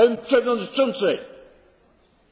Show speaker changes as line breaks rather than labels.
Pan przewodniczący!